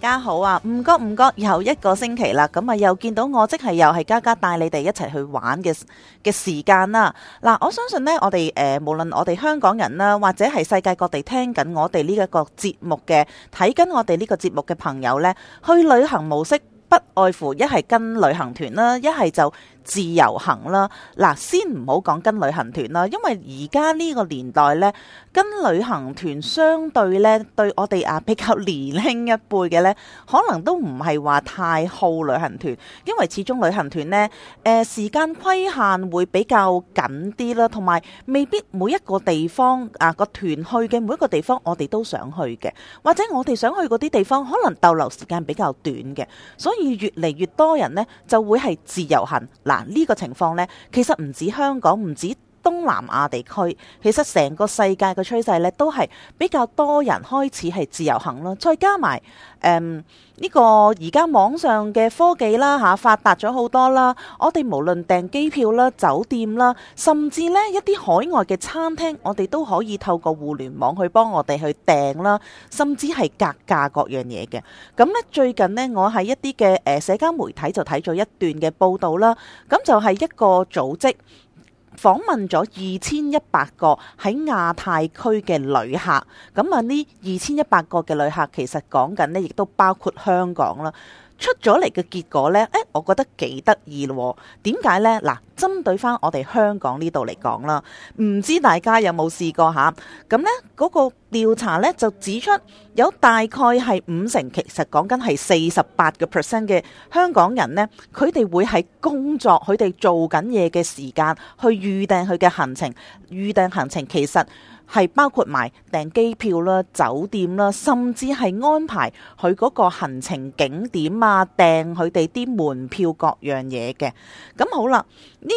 大家好啊，唔覺唔覺又一個星期啦，咁啊又見到我，即係又係家家帶你哋一齊去玩嘅嘅時間啦。嗱、啊，我相信呢，我哋誒、呃，無論我哋香港人啦，或者係世界各地聽緊我哋呢一個節目嘅，睇緊我哋呢個節目嘅朋友呢，去旅行模式不外乎一係跟旅行團啦，一係就。自由行啦，嗱，先唔好講跟旅行團啦，因為而家呢個年代咧，跟旅行團相對咧，對我哋啊比較年輕一輩嘅咧，可能都唔係話太好旅行團，因為始終旅行團咧，誒、時間規限會比較緊啲啦，同埋未必每一個地方啊個團去嘅每一個地方，我哋都想去嘅，或者我哋想去嗰啲地方，可能逗留時間比較短嘅，所以越嚟越多人咧就會係自由行嗱。呢個情況咧，其實唔止香港，唔止。東南亞地區，其實成個世界嘅趨勢咧，都係比較多人開始係自由行啦。再加埋誒呢個而家網上嘅科技啦吓、啊、發達咗好多啦。我哋無論訂機票啦、酒店啦，甚至呢一啲海外嘅餐廳，我哋都可以透過互聯網去幫我哋去訂啦，甚至係格價各樣嘢嘅。咁、嗯、咧最近呢，我喺一啲嘅誒社交媒體就睇咗一段嘅報道啦。咁、嗯、就係、是、一個組織。訪問咗二千一百個喺亞太區嘅旅客，咁啊呢二千一百個嘅旅客其實講緊呢，亦都包括香港啦。出咗嚟嘅結果呢，誒、哎，我覺得幾得意咯。點解呢？嗱。針對翻我哋香港呢度嚟講啦，唔知大家有冇試過吓？咁呢嗰個調查呢，就指出，有大概係五成，其實講緊係四十八個 percent 嘅香港人呢，佢哋會喺工作佢哋做緊嘢嘅時間去預訂佢嘅行程，預訂行程其實係包括埋訂機票啦、酒店啦，甚至係安排佢嗰個行程景點啊，訂佢哋啲門票各樣嘢嘅。咁好啦。呢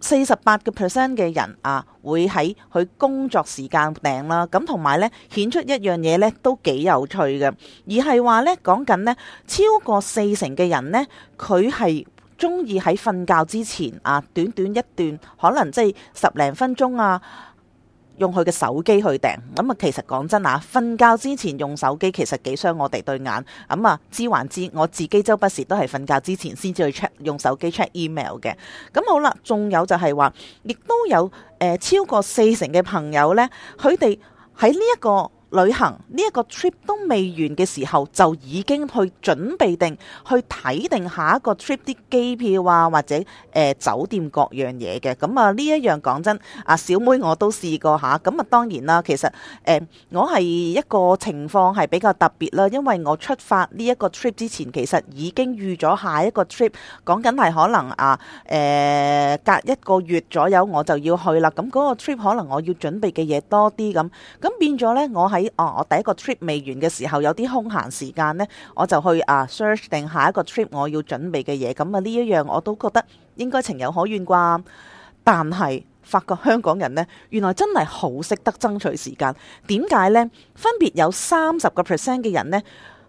四十八個 percent 嘅人啊，會喺佢工作時間掟啦，咁同埋咧顯出一樣嘢咧都幾有趣嘅，而係話咧講緊咧超過四成嘅人咧，佢係中意喺瞓覺之前啊短短一段，可能即係十零分鐘啊。用佢嘅手機去訂，咁、嗯、啊其實講真啊，瞓覺之前用手機其實幾傷我哋對眼，咁、嗯、啊知還知，我自己周不時都係瞓覺之前先至去 check 用手機 check email 嘅，咁、嗯、好啦，仲有就係話，亦都有誒、呃、超過四成嘅朋友呢，佢哋喺呢一個旅行呢一個 trip 都未完嘅時候，就已經去準備定去睇定下一個 trip 啲機票啊，或者誒、呃、酒店各樣嘢嘅。咁啊呢一樣講真，啊小妹我都試過吓，咁啊當然啦，其實誒、呃、我係一個情況係比較特別啦，因為我出發呢一個 trip 之前，其實已經預咗下一個 trip，講緊係可能啊誒、呃、隔一個月左右我就要去啦。咁嗰個 trip 可能我要準備嘅嘢多啲咁，咁變咗咧我喺。哦，我第一個 trip 未完嘅時候有啲空閒時間呢，我就去啊 search 定下一個 trip 我要準備嘅嘢。咁啊呢一樣我都覺得應該情有可原啩。但係發覺香港人呢，原來真係好識得爭取時間。點解呢？分別有三十個 percent 嘅人呢，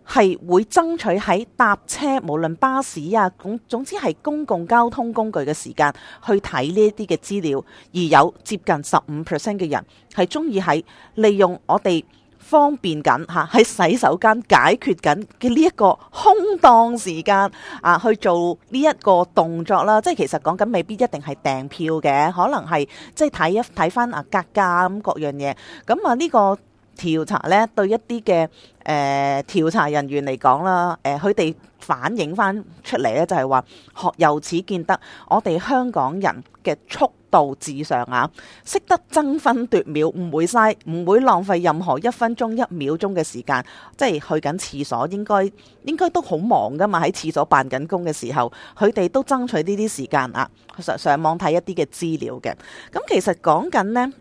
係會爭取喺搭車，無論巴士啊，總，總之係公共交通工具嘅時間去睇呢一啲嘅資料。而有接近十五 percent 嘅人係中意喺利用我哋。方便緊吓，喺洗手間解決緊嘅呢一個空檔時間啊，去做呢一個動作啦、啊。即係其實講緊未必一定係訂票嘅，可能係即係睇一睇返啊格價咁各樣嘢。咁啊呢、這個。調查咧對一啲嘅誒調查人員嚟講啦，誒佢哋反映返出嚟咧就係話，學由此見得，我哋香港人嘅速度至上啊，識得爭分奪秒，唔會嘥，唔會浪費任何一分鐘一秒鐘嘅時間，即係去緊廁所應該應該都好忙㗎嘛，喺廁所辦緊工嘅時候，佢哋都爭取呢啲時間啊，上上網睇一啲嘅資料嘅，咁其實講緊呢。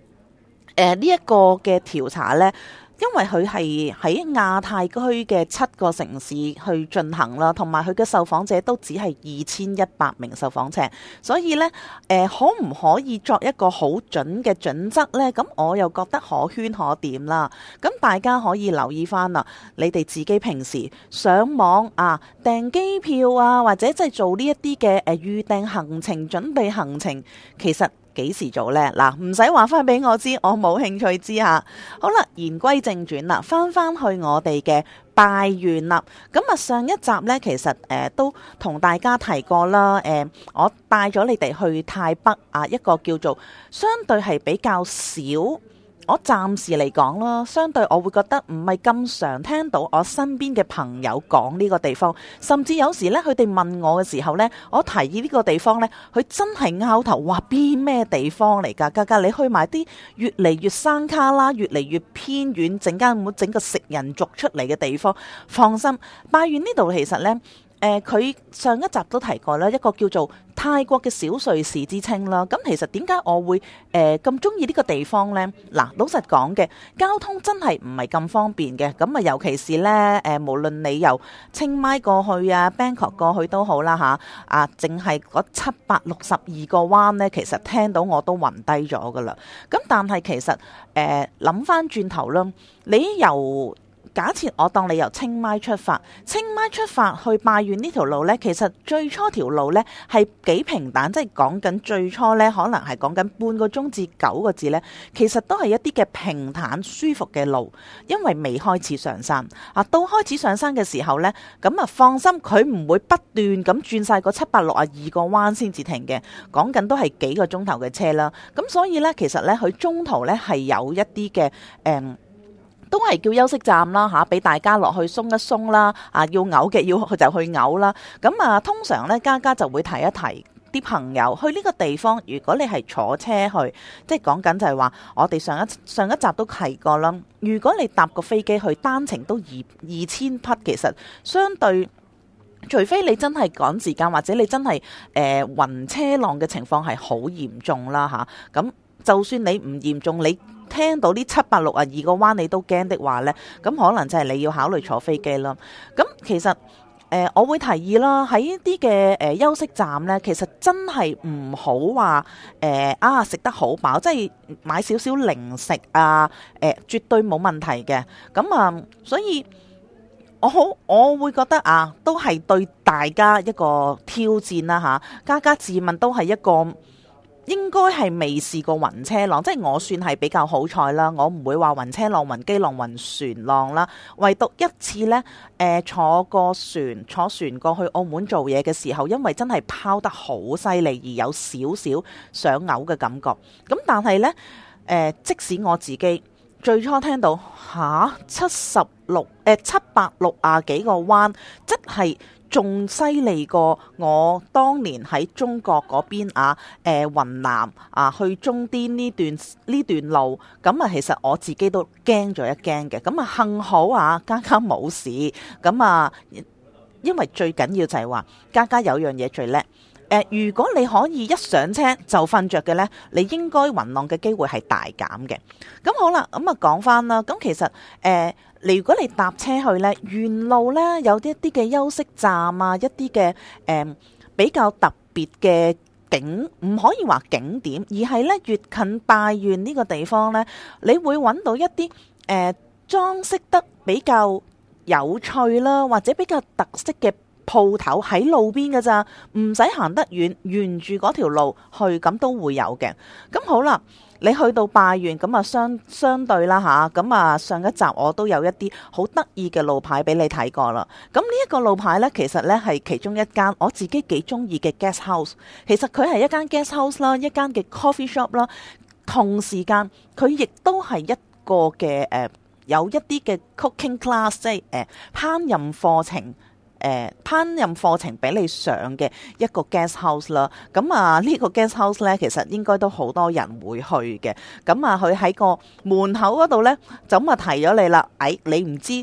誒呢一個嘅調查呢，因為佢係喺亞太區嘅七個城市去進行啦，同埋佢嘅受訪者都只係二千一百名受訪者，所以呢，誒、呃、可唔可以作一個好準嘅準則呢？咁我又覺得可圈可點啦。咁大家可以留意翻啦，你哋自己平時上網啊、訂機票啊，或者即係做呢一啲嘅誒預訂行程、準備行程，其實。幾時做呢？嗱，唔使話翻俾我知，我冇興趣知嚇。好啦，言歸正傳啦，翻翻去我哋嘅拜縣啦。咁啊，上一集呢，其實誒、呃、都同大家提過啦。誒、呃，我帶咗你哋去泰北啊，一個叫做相對係比較少。我暫時嚟講咯，相對我會覺得唔係咁常聽到我身邊嘅朋友講呢個地方，甚至有時呢，佢哋問我嘅時候呢，我提議呢個地方呢，佢真係拗頭話邊咩地方嚟㗎？格格，你去埋啲越嚟越山卡啦，越嚟越偏遠，整間唔好整個食人族出嚟嘅地方。放心，拜縣呢度其實呢。誒佢、呃、上一集都提過啦，一個叫做泰國嘅小瑞士之稱啦。咁、嗯、其實點解我會誒咁中意呢個地方呢？嗱，老實講嘅，交通真係唔係咁方便嘅。咁、嗯、啊，尤其是呢，誒、呃，無論你由清邁過去啊，Bangkok 過去都好啦吓，啊，淨係嗰七百六十二個彎呢，其實聽到我都暈低咗噶啦。咁、嗯、但係其實誒諗翻轉頭啦，你由假設我當你由清邁出發，清邁出發去拜縣呢條路呢，其實最初條路呢係幾平坦，即係講緊最初呢，可能係講緊半個鐘至九個字呢，其實都係一啲嘅平坦舒服嘅路，因為未開始上山啊。到開始上山嘅時候呢，咁啊放心，佢唔會不斷咁轉晒個七百六十二個彎先至停嘅，講緊都係幾個鐘頭嘅車啦。咁、啊、所以呢，其實呢，佢中途呢係有一啲嘅誒。嗯都係叫休息站啦，吓俾大家落去鬆一鬆啦。啊，要嘔嘅要就去嘔啦。咁啊，通常呢，家家就會提一提啲朋友去呢個地方。如果你係坐車去，即係講緊就係話，我哋上一上一集都提過啦。如果你搭個飛機去單程都二二千匹，其實相對，除非你真係趕時間，或者你真係誒，暈車浪嘅情況係好嚴重啦，吓、啊、咁。就算你唔嚴重，你。聽到呢七百六十二個彎你都驚的話呢，咁可能就係你要考慮坐飛機咯。咁其實誒、呃，我會提議啦，喺呢啲嘅誒休息站呢，其實真係唔好話誒、呃、啊食得好飽，即係買少少零食啊誒、呃，絕對冇問題嘅。咁啊、呃，所以我好，我會覺得啊，都係對大家一個挑戰啦嚇、啊，家家自問都係一個。應該係未試過暈車浪，即係我算係比較好彩啦。我唔會話暈車浪、暈機浪、暈船浪啦。唯獨一次呢，誒、呃、坐個船，坐船過去澳門做嘢嘅時候，因為真係拋得好犀利，而有少少想嘔嘅感覺。咁但係呢，誒、呃、即使我自己最初聽到吓七十六誒七百六啊幾個彎，即係。仲犀利過我當年喺中國嗰邊啊，誒、呃、雲南啊去中甸呢段呢段路，咁啊其實我自己都驚咗一驚嘅，咁啊幸好啊家家冇事，咁啊因為最緊要就係話家家有樣嘢最叻，誒、呃、如果你可以一上車就瞓着嘅呢，你應該暈浪嘅機會係大減嘅，咁好啦，咁啊講翻啦，咁其實誒。呃如果你搭車去呢，沿路呢，有一啲嘅休息站啊，一啲嘅誒比較特別嘅景，唔可以話景點，而係呢越近大院呢個地方呢，你會揾到一啲誒、嗯、裝飾得比較有趣啦，或者比較特色嘅鋪頭喺路邊㗎咋，唔使行得遠，沿住嗰條路去咁都會有嘅。咁好啦。你去到拜縣咁啊相相對啦吓，咁啊上一集我都有一啲好得意嘅路牌俾你睇過啦。咁呢一個路牌呢，其實呢係其中一間我自己幾中意嘅 guest house。其實佢係一間 guest house 啦，一間嘅 coffee shop 啦，同時間佢亦都係一個嘅誒、呃，有一啲嘅 cooking class，即係誒、呃、烹飪課程。誒烹飪課程俾你上嘅一個 guest house 啦、啊，咁啊呢個 guest house 呢，其實應該都好多人會去嘅，咁啊佢喺個門口嗰度呢，就咁啊提咗你啦，哎，你唔知，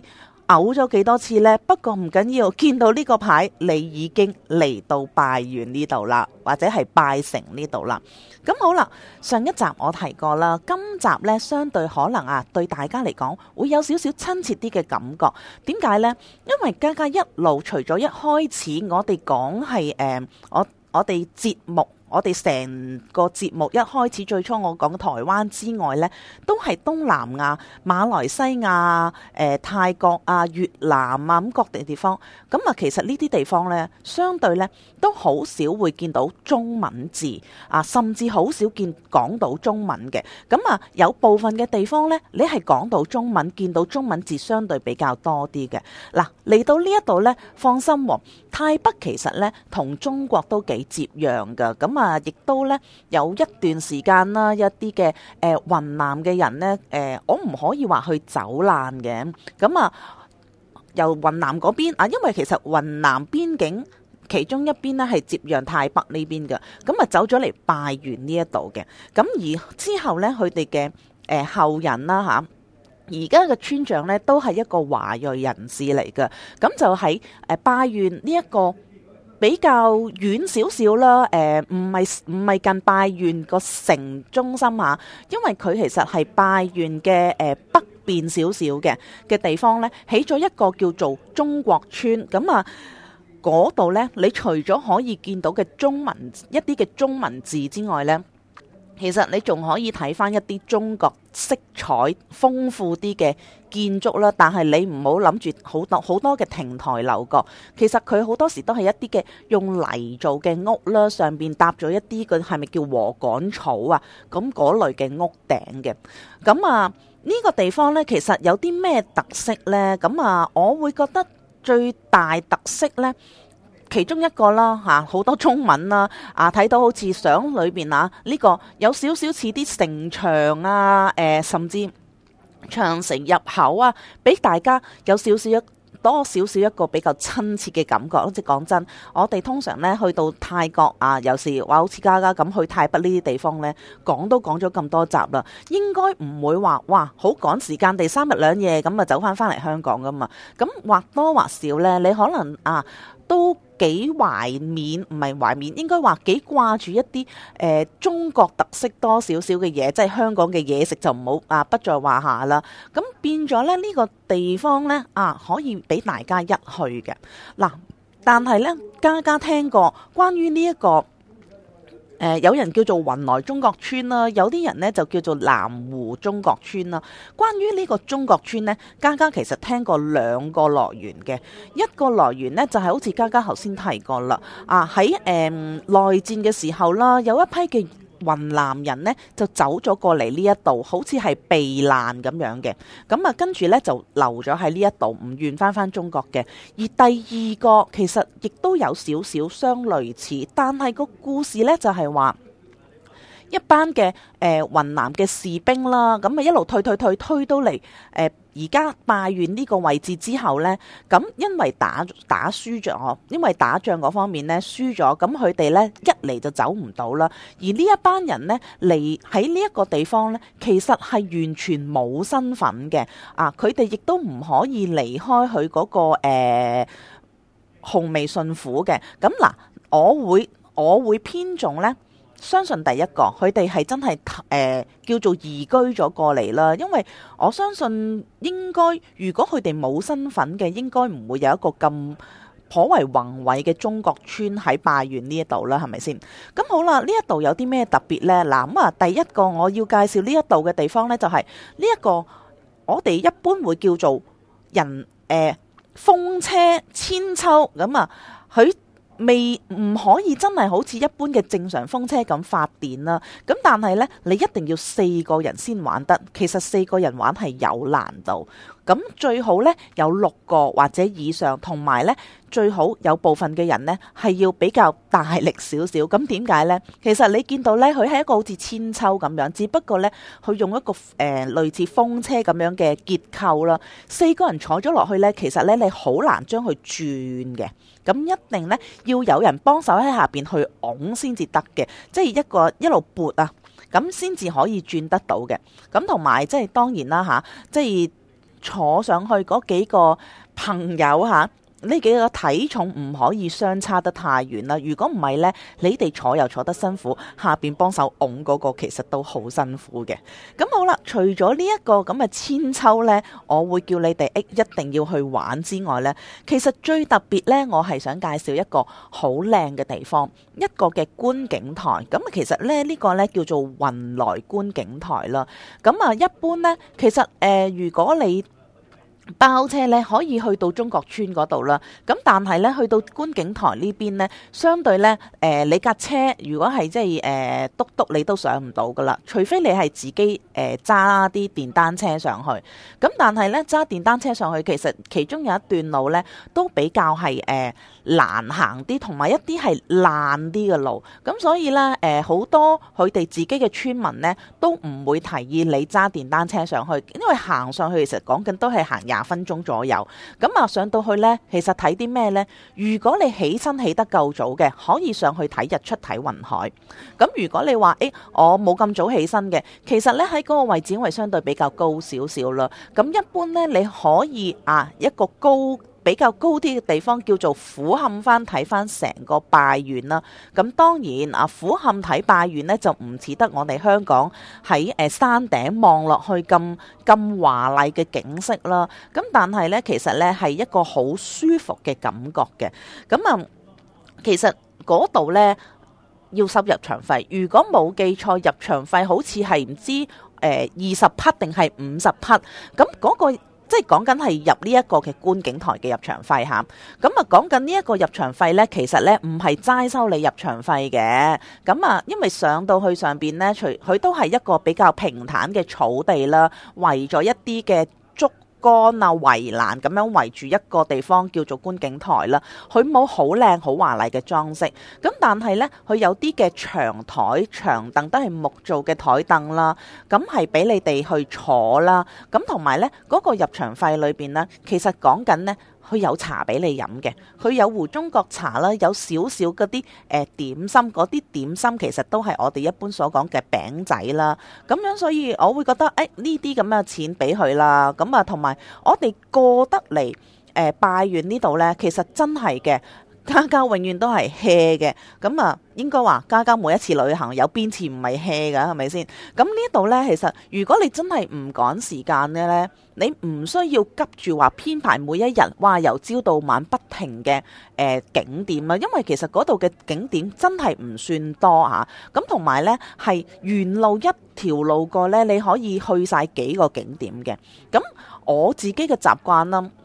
嘔咗幾多次呢？不過唔緊要，見到呢個牌，你已經嚟到拜縣呢度啦，或者係拜成呢度啦。咁好啦，上一集我提過啦，今集呢，相對可能啊，對大家嚟講會有少少親切啲嘅感覺。點解呢？因為家家一路除咗一開始我哋講係誒，我、呃、我哋節目。我哋成個節目一開始，最初我講嘅台灣之外咧，都係東南亞馬來西亞誒、呃、泰國啊、越南啊咁各地地方。咁、嗯、啊，其實呢啲地方咧，相對咧都好少會見到中文字啊，甚至好少見講到中文嘅。咁、嗯、啊，有部分嘅地方咧，你係講到中文，見到中文字相對比較多啲嘅。嗱、啊，嚟到呢一度咧，放心、哦，泰北其實咧同中國都幾接壤嘅。咁、嗯、啊～啊！亦都咧有一段時間啦，一啲嘅誒雲南嘅人咧誒、呃，我唔可以話去走難嘅。咁啊，由雲南嗰邊啊，因為其實雲南邊境其中一邊呢，係接壤泰北呢邊嘅。咁啊，走咗嚟拜縣呢一度嘅。咁而之後咧，佢哋嘅誒後人啦吓，而家嘅村長咧都係一個華裔人士嚟噶。咁就喺誒、呃、拜縣呢一個。比較遠少少啦，誒，唔係唔係，近拜縣個城中心啊，因為佢其實係拜縣嘅誒北邊少少嘅嘅地方咧，起咗一個叫做中國村，咁啊嗰度呢，你除咗可以見到嘅中文一啲嘅中文字之外呢。其實你仲可以睇翻一啲中國色彩豐富啲嘅建築啦，但係你唔好諗住好多好多嘅亭台樓閣，其實佢好多時都係一啲嘅用泥做嘅屋啦，上邊搭咗一啲嘅係咪叫禾稈草啊？咁嗰類嘅屋頂嘅，咁啊，呢個地方呢，其實有啲咩特色呢？咁啊，我會覺得最大特色呢。其中一個啦嚇，好多中文啦啊，睇到好似相裏邊啊，呢個有少少似啲城牆啊，誒、呃，甚至長城入口啊，俾大家有少少多少少一個比較親切嘅感覺。好似講真，我哋通常呢去到泰國啊，有時話好似家家咁去泰北呢啲地方呢，講都講咗咁多集啦，應該唔會話哇，好趕時間地三日兩夜咁啊走翻翻嚟香港㗎嘛。咁或多或少呢，你可能啊～啊啊都幾懷緬，唔係懷緬，應該話幾掛住一啲誒、呃、中國特色多少少嘅嘢，即係香港嘅嘢食就唔好啊，不在話下啦。咁變咗咧，呢、這個地方呢，啊，可以俾大家一去嘅嗱、啊，但係呢，家家聽過關於呢、這、一個。誒、呃、有人叫做雲來中國村啦，有啲人呢就叫做南湖中國村啦。關於呢個中國村呢，嘉嘉其實聽過兩個來源嘅，一個來源呢，就係、是、好似嘉嘉頭先提過啦，啊喺誒內戰嘅時候啦，有一批嘅。雲南人呢，就走咗過嚟呢一度，好似係避難咁樣嘅，咁啊跟住呢，就留咗喺呢一度，唔願返返中國嘅。而第二個其實亦都有少少相類似，但係個故事呢，就係話。一班嘅誒、呃、雲南嘅士兵啦，咁咪一路退退退退到嚟誒，而、呃、家拜縣呢個位置之後呢，咁因為打打輸咗，因為打仗嗰方面呢，輸咗，咁佢哋呢一嚟就走唔到啦。而呢一班人呢，嚟喺呢一個地方呢，其實係完全冇身份嘅啊！佢哋亦都唔可以離開佢嗰、那個誒、呃、紅眉信府嘅。咁嗱、啊，我會我會偏重呢。相信第一個佢哋係真係誒、呃、叫做移居咗過嚟啦，因為我相信應該如果佢哋冇身份嘅，應該唔會有一個咁頗為宏偉嘅中國村喺拜縣呢一度啦，係咪先？咁好啦，呢一度有啲咩特別呢？嗱，咁啊，第一個我要介紹呢一度嘅地方呢，就係呢一個我哋一般會叫做人誒、呃、風車千秋咁啊，佢。未唔可以真係好似一般嘅正常風車咁發電啦，咁但係呢，你一定要四個人先玩得，其實四個人玩係有難度。咁最好咧有六個或者以上，同埋咧最好有部分嘅人咧係要比較大力少少。咁點解咧？其實你見到咧，佢係一個好似千秋咁樣，只不過咧佢用一個誒、呃、類似風車咁樣嘅結構啦。四個人坐咗落去咧，其實咧你好難將佢轉嘅。咁一定咧要有人幫手喺下邊去拱先至得嘅，即係一個一路撥啊，咁先至可以轉得到嘅。咁同埋即係當然啦吓、啊，即係。坐上去嗰幾個朋友嚇。呢幾個體重唔可以相差得太遠啦，如果唔係呢，你哋坐又坐得辛苦，下邊幫手擁嗰個其實都好辛苦嘅。咁好啦，除咗呢一個咁嘅千秋呢，我會叫你哋一定要去玩之外呢，其實最特別呢，我係想介紹一個好靚嘅地方，一個嘅觀景台。咁其實呢，呢個呢叫做雲來觀景台啦。咁啊，一般呢，其實誒、呃，如果你包車咧可以去到中國村嗰度啦，咁但係咧去到觀景台呢邊咧，相對咧誒、呃、你架車如果係即係誒督督你都上唔到噶啦，除非你係自己誒揸啲電單車上去，咁但係咧揸電單車上去其實其中有一段路咧都比較係誒。呃難行啲，同埋一啲係爛啲嘅路，咁所以呢，誒、呃、好多佢哋自己嘅村民呢，都唔會提議你揸電單車上去，因為行上去其實講緊都係行廿分鐘左右。咁啊，上到去呢，其實睇啲咩呢？如果你起身起得夠早嘅，可以上去睇日出、睇雲海。咁如果你話誒、欸，我冇咁早起身嘅，其實呢，喺嗰個位置因為相對比較高少少啦。咁一般呢，你可以啊一個高。比較高啲嘅地方，叫做俯瞰翻，睇翻成個拜縣啦。咁當然啊，俯瞰睇拜縣呢，就唔似得我哋香港喺誒山頂望落去咁咁華麗嘅景色啦。咁但係呢，其實呢係一個好舒服嘅感覺嘅。咁啊，其實嗰度呢，要收入場費。如果冇記錯，入場費好似係唔知誒二十匹定係五十匹。咁、呃、嗰、嗰個即係講緊係入呢一個嘅觀景台嘅入場費嚇，咁啊講緊呢一個入場費咧，其實咧唔係齋收你入場費嘅，咁啊因為上到去上邊咧，除佢都係一個比較平坦嘅草地啦，圍咗一啲嘅。杆啊，圍欄咁樣圍住一個地方叫做觀景台啦，佢冇好靚好華麗嘅裝飾，咁但係呢，佢有啲嘅長台長凳都係木做嘅台凳啦，咁係俾你哋去坐啦，咁同埋呢，嗰、那個入場費裏邊呢，其實講緊呢。佢有茶俾你飲嘅，佢有壺中國茶啦，有少少嗰啲誒點心，嗰啲點心其實都係我哋一般所講嘅餅仔啦。咁樣所以我會覺得，誒呢啲咁嘅錢俾佢啦。咁啊，同埋我哋過得嚟誒、呃、拜縣呢度呢，其實真係嘅。家家永遠都係 hea 嘅，咁啊應該話家家每一次旅行有邊次唔係 hea 㗎？係咪先？咁呢度呢，其實如果你真係唔趕時間嘅呢，你唔需要急住話編排每一日，話由朝到晚不停嘅誒、呃、景點啊，因為其實嗰度嘅景點真係唔算多啊，咁同埋呢，係沿路一條路過呢，你可以去晒幾個景點嘅。咁我自己嘅習慣啦、啊。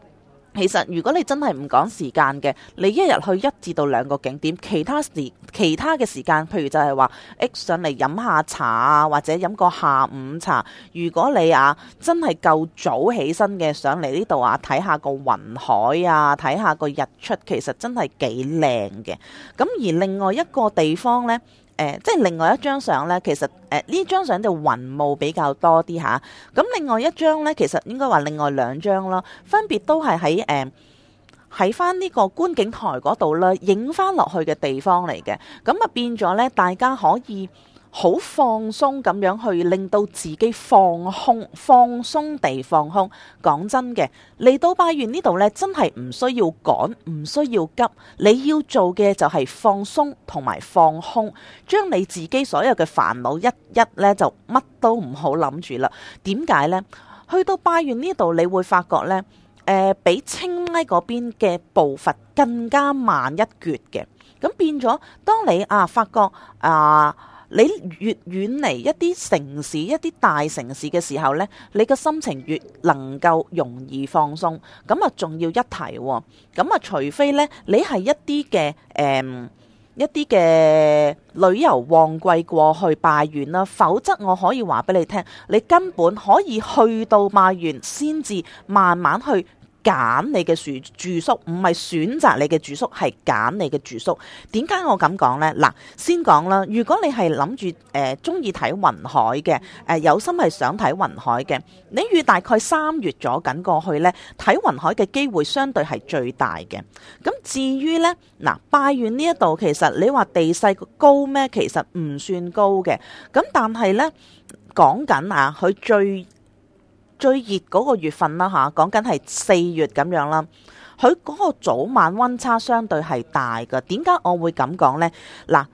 其實，如果你真係唔講時間嘅，你一日去一至到兩個景點，其他時其他嘅時間，譬如就係話 X 上嚟飲下茶啊，或者飲個下午茶。如果你啊真係夠早起身嘅，上嚟呢度啊睇下個雲海啊，睇下個日出，其實真係幾靚嘅。咁而另外一個地方呢。誒、呃，即係另外一張相咧，其實誒呢張相就雲霧比較多啲嚇。咁、啊、另外一張咧，其實應該話另外兩張咯，分別都係喺誒喺翻呢個觀景台嗰度咧，影翻落去嘅地方嚟嘅。咁啊變咗咧，大家可以。好放鬆咁樣去令到自己放空，放鬆地放空。講真嘅，嚟到拜縣呢度呢，真係唔需要趕，唔需要急。你要做嘅就係放鬆同埋放空，將你自己所有嘅煩惱一一呢，就乜都唔好諗住啦。點解呢？去到拜縣呢度，你會發覺呢，誒、呃，比清邁嗰邊嘅步伐更加慢一橛嘅。咁變咗，當你啊發覺啊。你越遠離一啲城市、一啲大城市嘅時候呢，你嘅心情越能夠容易放鬆。咁啊，仲要一提喎、哦，咁啊，除非呢，你係一啲嘅誒一啲嘅旅遊旺季過去拜縣啦，否則我可以話俾你聽，你根本可以去到拜縣先至慢慢去。揀你嘅住住宿唔係選擇你嘅住宿，係揀你嘅住宿。點解我咁講呢？嗱，先講啦。如果你係諗住誒中意睇雲海嘅，誒、呃、有心係想睇雲海嘅，你預大概三月左右過去呢，睇雲海嘅機會相對係最大嘅。咁至於呢，嗱、呃，拜縣呢一度其實你話地勢高咩？其實唔算高嘅。咁但係呢，講緊啊，佢最。最熱嗰個月份啦嚇，講緊係四月咁樣啦，佢嗰個早晚温差相對係大㗎。點解我會咁講呢？嗱。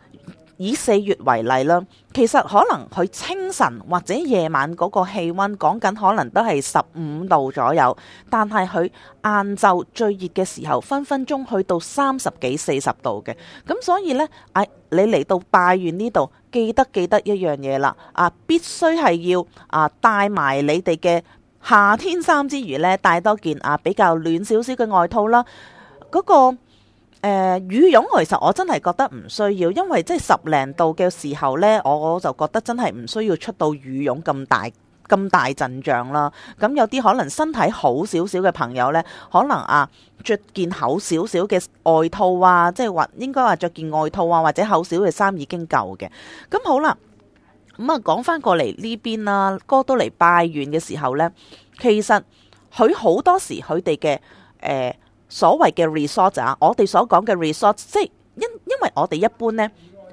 以四月為例啦，其實可能佢清晨或者夜晚嗰個氣温講緊可能都係十五度左右，但係佢晏晝最熱嘅時候分分鐘去到三十幾四十度嘅。咁所以呢，啊、哎，你嚟到拜縣呢度，記得記得一樣嘢啦，啊，必須係要啊帶埋你哋嘅夏天衫之餘呢，帶多件啊比較暖少少嘅外套啦，嗰個。誒、呃、羽絨，其實我真係覺得唔需要，因為即係十零度嘅時候呢，我就覺得真係唔需要出到羽絨咁大咁大陣仗啦。咁、嗯、有啲可能身體好少少嘅朋友呢，可能啊著件厚少少嘅外套啊，即係或應該話着件外套啊，或者厚少嘅衫已經夠嘅。咁、嗯、好啦，咁、嗯、啊講翻過嚟呢邊啦，哥都嚟拜縣嘅時候呢，其實佢好多時佢哋嘅誒。呃所謂嘅 resort，啊，我哋所講嘅 resort，即係因因為我哋一般呢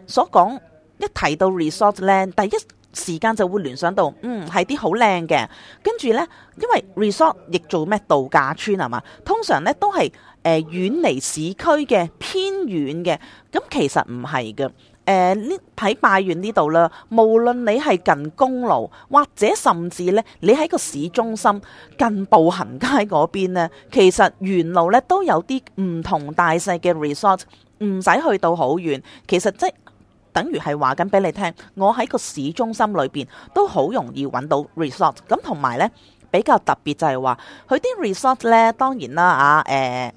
所講一提到 resort 靚，第一時間就會聯想到，嗯係啲好靚嘅，跟住呢，因為 resort 亦做咩度假村係嘛，通常呢都係誒、呃、遠離市區嘅偏遠嘅，咁其實唔係嘅。誒呢喺拜縣呢度啦，無論你係近公路，或者甚至咧，你喺個市中心近步行街嗰邊呢，其實沿路咧都有啲唔同大細嘅 resort，唔使去到好遠，其實即等於係話緊俾你聽，我喺個市中心裏邊都好容易揾到 resort。咁同埋呢，比較特別就係話，佢啲 resort 呢，當然啦啊誒。欸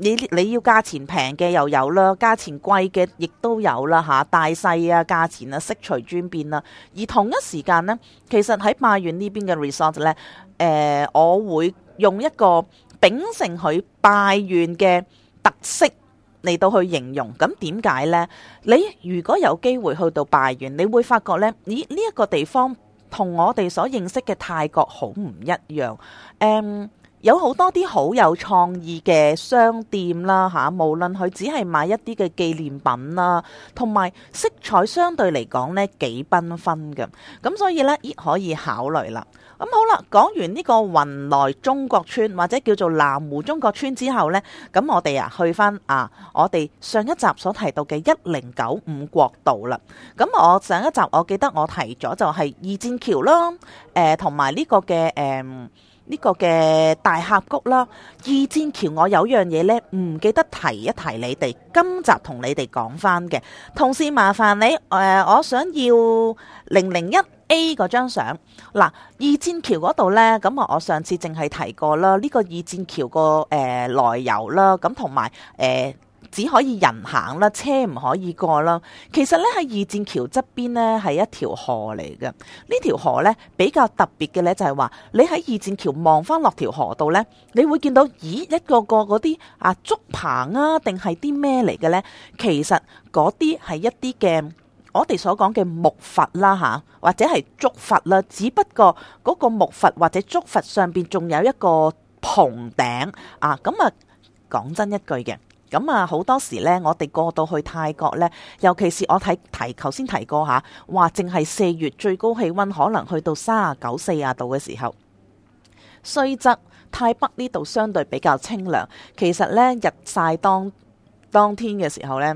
你你要價錢平嘅又有啦，價錢貴嘅亦都有啦嚇、啊，大細啊，價錢啊，色彩轉變啦。而同一時間呢，其實喺拜縣呢邊嘅 resort 咧，誒、呃，我會用一個秉承佢拜縣嘅特色嚟到去形容。咁點解呢？你如果有機會去到拜縣，你會發覺呢，咦？呢、這、一個地方同我哋所認識嘅泰國好唔一樣，誒、嗯。有好多啲好有創意嘅商店啦，嚇、啊，無論佢只係買一啲嘅紀念品啦，同埋色彩相對嚟講咧幾繽紛嘅，咁所以咧，亦可以考慮啦。咁、啊、好啦，講完呢個雲來中國村或者叫做南湖中國村之後咧，咁我哋啊去翻啊我哋上一集所提到嘅一零九五國道啦。咁我上一集我記得我提咗就係二戰橋啦，誒同埋呢個嘅誒。呃呢個嘅大峽谷啦，二戰橋，我有樣嘢呢，唔記得提一提你哋，今集你講同你哋講翻嘅同時，麻煩你誒，我想要零零一 A 嗰張相嗱，二戰橋嗰度呢。咁啊，我上次淨係提過啦，呢、這個二戰橋個誒來由啦，咁同埋誒。只可以人行啦，車唔可以過啦。其實咧喺二戰橋側邊呢，係一條河嚟嘅。呢條河呢，比較特別嘅呢，就係話，你喺二戰橋望翻落條河度呢，你會見到咦一個個嗰啲啊竹棚啊定係啲咩嚟嘅呢？其實嗰啲係一啲嘅我哋所講嘅木筏啦吓、啊，或者係竹筏啦。只不過嗰個木筏或者竹筏上邊仲有一個棚頂啊。咁啊，講真一句嘅。咁啊，好多時咧，我哋過到去泰國咧，尤其是我睇提，頭先提過吓，話淨係四月最高氣溫可能去到三啊九四啊度嘅時候，雖則泰北呢度相對比較清涼，其實咧日曬當當天嘅時候咧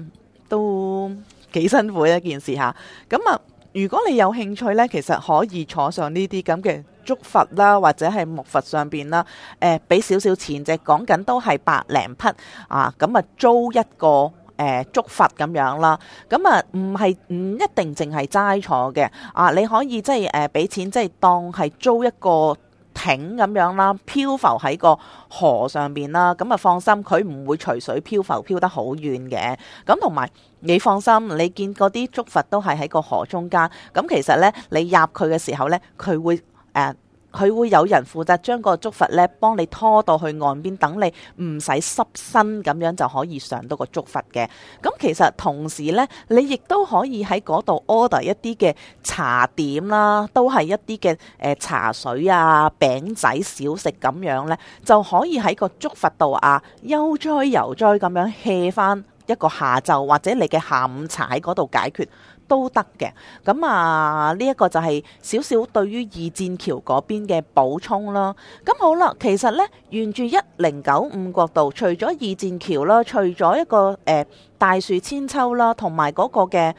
都幾辛苦一件事吓，咁啊，如果你有興趣咧，其實可以坐上呢啲咁嘅。竹筏啦，或者係木筏上邊啦，誒、呃，俾少少錢啫，講緊都係百零匹啊，咁啊租一個誒竹筏咁樣啦，咁啊唔係唔一定淨係齋坐嘅啊，你可以、呃、即係誒俾錢即係當係租一個艇咁樣啦，漂浮喺個河上邊啦，咁啊放心，佢唔會隨水漂浮漂得好遠嘅，咁同埋你放心，你見嗰啲竹筏都係喺個河中間，咁、啊、其實咧你入佢嘅時候咧，佢會。誒，佢、啊、會有人負責將個竹筏咧，幫你拖到去岸邊，等你唔使濕身咁樣就可以上到個竹筏嘅。咁、嗯、其實同時咧，你亦都可以喺嗰度 order 一啲嘅茶點啦，都係一啲嘅誒茶水啊、餅仔、小食咁樣咧，就可以喺個竹筏度啊悠哉悠哉咁樣 hea 翻一個下晝或者你嘅下午茶喺嗰度解決。都得嘅，咁、嗯、啊呢一、這個就係少少對於二戰橋嗰邊嘅補充啦。咁、嗯、好啦，其實呢，沿住一零九五國道，除咗二戰橋啦，除咗一個誒、呃、大樹千秋啦，同埋嗰個嘅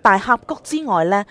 大峽谷之外呢，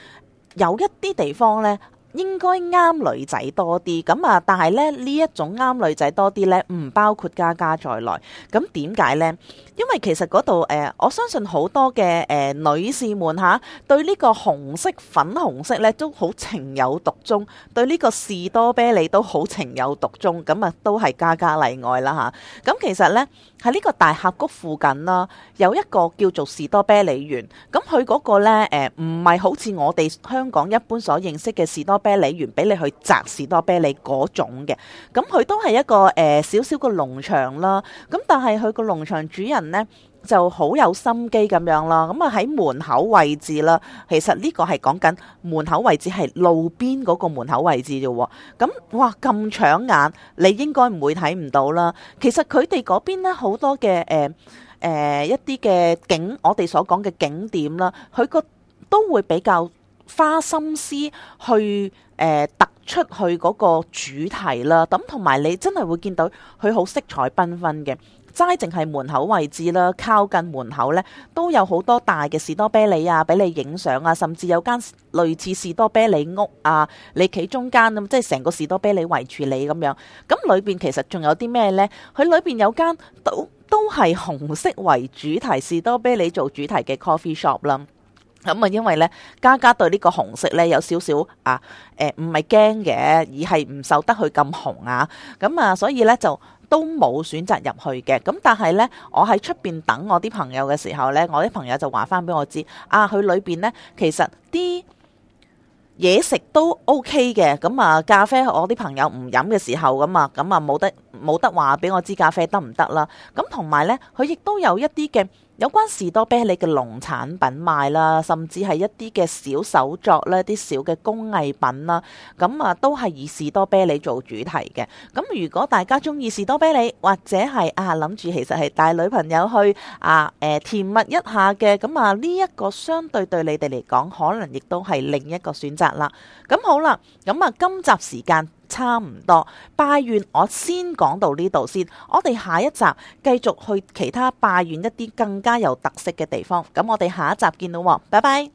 有一啲地方呢應該啱女仔多啲。咁、嗯、啊，但係咧呢一種啱女仔多啲呢，唔包括家家在內。咁點解呢？因為其實度誒、呃、我相信好多嘅誒、呃、女士們吓，對呢個紅色、粉紅色咧，都好情有獨鍾，對呢個士多啤梨都好情有獨鍾咁啊，都係家家例外啦，吓。咁其實咧，喺呢個大峽谷附近啦，有一個叫做士多啤梨園。咁佢嗰個咧誒、唔、呃、係好似我哋香港一般所認識嘅士多啤梨園俾你去摘士多啤梨種嘅。咁佢都係一個誒少少個農場啦。咁但係佢個農場主人。咧就好有心機咁樣啦，咁啊喺門口位置啦，其實呢個係講緊門口位置係路邊嗰個門口位置啫。咁、嗯、哇咁搶眼，你應該唔會睇唔到啦。其實佢哋嗰邊咧好多嘅誒誒一啲嘅景，我哋所講嘅景點啦，佢個都會比較花心思去誒、呃、突出去嗰個主題啦。咁同埋你真係會見到佢好色彩繽紛嘅。齋淨係門口位置啦，靠近門口呢都有好多大嘅士多啤梨啊，俾你影相啊！甚至有間類似士多啤梨屋啊，你企中間咁，即係成個士多啤梨圍住你咁樣。咁裏邊其實仲有啲咩呢？佢裏邊有間都都係紅色為主題，士多啤梨做主題嘅 coffee shop 啦。咁、嗯、啊，因為呢，家家對呢個紅色呢有少少啊，誒唔係驚嘅，而係唔受得佢咁紅啊。咁、嗯、啊，所以呢就。都冇選擇入去嘅，咁但係呢，我喺出邊等我啲朋友嘅時候呢，我啲朋友就話返俾我知，啊，佢裏邊呢，其實啲嘢食都 OK 嘅，咁啊咖啡我啲朋友唔飲嘅時候咁啊，咁啊冇得冇得話俾我知咖啡得唔得啦，咁同埋呢，佢亦都有一啲嘅。有關士多啤梨嘅農產品賣啦，甚至係一啲嘅小手作啦，啲小嘅工藝品啦，咁啊都係以士多啤梨做主題嘅。咁如果大家中意士多啤梨，或者係啊諗住其實係帶女朋友去啊，誒、呃、甜蜜一下嘅，咁啊呢一個、這個相對對你哋嚟講，可能亦都係另一個選擇啦。咁好啦，咁啊今集時間。差唔多，拜縣我先講到呢度先。我哋下一集繼續去其他拜縣一啲更加有特色嘅地方。咁我哋下一集見到，拜拜。